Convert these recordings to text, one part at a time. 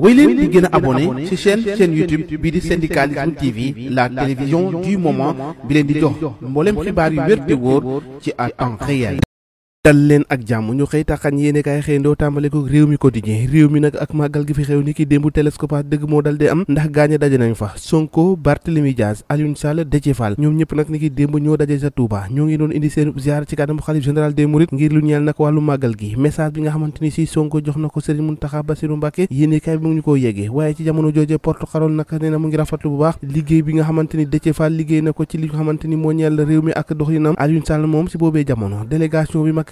wéy leen di gën a abonné ci chaîne chaîne YouTube bii di syndicalisme TV la télévision du moment bi leen di jox mboolem xibaar yu wér te wóor ci à temps réel. dal leen ak jàmm ñu xëy taxañ yéene kaay xëyndoo tàmbale ko réew mi quotidien réew mi nag ak màggal gi fi xew ni ki démbu télescopage dëgg moo dal di am ndax gaañe daje nañ fa Sonko Barthélemy Diaz Aliou Sall Déthié ñoom ñëpp nag ni démb ñoo daje sa Touba ñoo ngi doon indi seen ziar ci kanamu xalif général des Mourides ngir lu ñeel nag wàllu màggal gi message bi nga xamante si Sonko jox na ko Serigne Mountakha Bassirou Mbacké yéene kaay bi mu ngi ko yeggee waaye ci jamono jooje mu ngi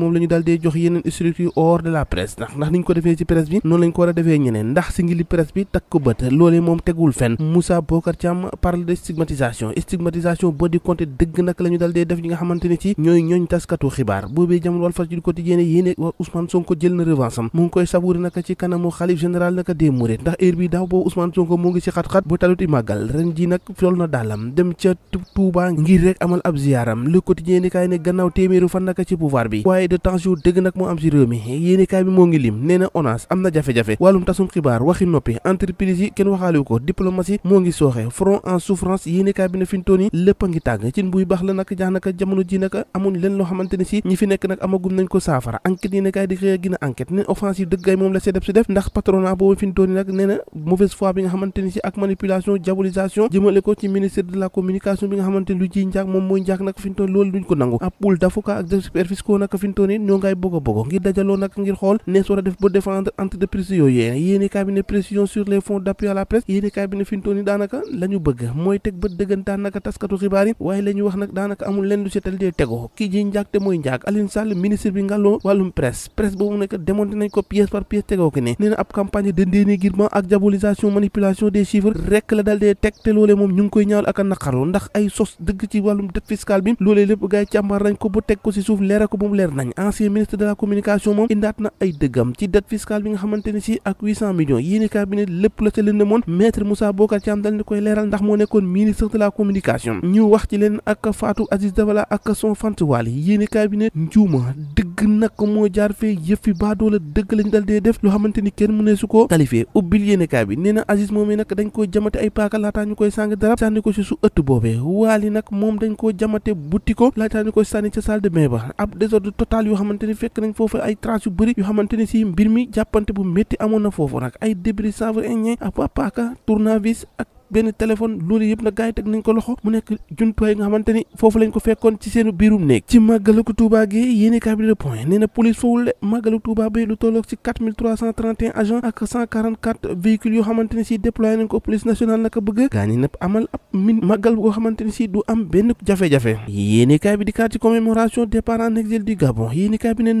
moom la ñu daal dee jox yeneen structure hors de la presse ndax ndax niñ ko defee ci presse bi noonu lañ ko war a defee ñeneen ndax si ngi li presse bi takk bët loolee moom tegul fenn Moussa Bocar Thiam parle de stigmatisation stigmatisation boo di compté dëgg nag la ñu daal dee def ñi nga xamante ne ci ñooy ñooñ taskatu xibaar boobee jamono Walf Fadjri quotidien yéene wa Ousmane Sonko jël na revanche am mu koy sabuuri naka ci kanamu xalif général naka des mourides ndax heure bi daaw boobu Ousmane Sonko mu ngi ci xat-xat bu talut na daalam dem ca Touba ngir rek amal ab ziaram le quotidien ni kaay ne gannaaw téeméeru fan naka ci pouvoir bi de tension dëgg nag moo am ci réew mi yéenekaay bi moo ngi lim nee na am na jafe-jafe wàllum tasum xibaar waxi noppi entreprise yi kenn waxaaliwu ko diplomatie moo ngi sooxe front en souffrance yéenekaay bi ne fi ñu a ngi tàng ci nekk nag amagum nañ ko saafara enquête yéenekaay di xëy a gën enquête ne offensive dëggaay moom la sedef si def ndax patronat boobu fi ñu nag nee na mauvaise bi nga xamante si ak manipulation diabolisation doon ngay bëgg a ngir dajaloo nag ngir xool nees war a def ba défendre entreprise yooyu yéeni cabinet pression sur les fonds d'appui à la presse yéeni cabinet fi daanaka la bëgg mooy teg bët dëggantaan naka taskatu xibaar waaye la wax nag daanaka amul lenn lu dee tego kii ji njaag te mooy njaag Alioune ministre bi ngàlloo wàllum presse presse boobu nekk démonté nañ ko pièce par pièce tegoo ki ne nee ab campagne de dénigrement ak diabolisation Diagne ancien ministre de la communication moom indaat na ay dëggam ci dette fiscale bi nga xamante ne si ak 800 millions yéeni cabinet lépp la ca leen demoon maître Moussa Bocar Thiam dal ni koy leeral ndax moo nekkoon ministre de la communication ñu wax ci leen ak Fatou Aziz Dabala ak son fantuwaal yéeni cabinet njuuma crime nag ko moo jaar fee yëfi baadoola dëgg lañ dal ni kenn mënee su koo qualifié ubbil yéenekaay bi nee na Aziz moomee nag dañ koo jamate ay paaka laataa ñu koy sàng darab sànni ko si su ëtt boobee waali nag moom dañ koo jamate butti ko laataa ñu koy sànni ca de bain ba ab yoo xamante ni fekk nañ foofu ay traces yu bëri yoo xamante ni si mbir mi jàppante bu métti amoon na foofu nag ay débris savre indien ak paaka tournevis benn téléphone loolu yëpp nag gars yi teg nañ ko loxo mu nekk jumtuwaay nga xamante foofu lañ ko fekkoon ci seenu biirum néeg ci màggalu Touba gi yéeni kaabile de point nee na police foowul de màggalu Touba bi lu tolloog xamante ni si déployé ko police nationale naka bëgg gaa ñi si du am benn jafe-jafe yéeni kaay bi di kaat ci commémoration départ en exil du Gabon yéeni kaay mu nekk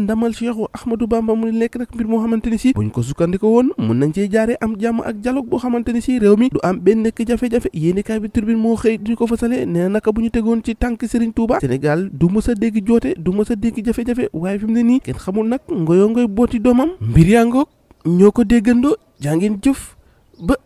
nag mbir moo xamante ni si buñ ko sukkandiko woon mun nañ cee jaaree am jàmm ak dialogue boo xamante ni si réew mi du am benn ak jafe-jafe yéenekaay bi turbine moo xëy duñu ko fasale nee naka bu ñu tegoon ci tànk Serigne Touba Sénégal du mës a dégg joote du mës a dégg jafe-jafe waaye fi mu ne nii kenn xamul nag ngoyoo ngoy booti doomam mbir yaa ngoog ñoo ko déggandoo jàngeen jëf ba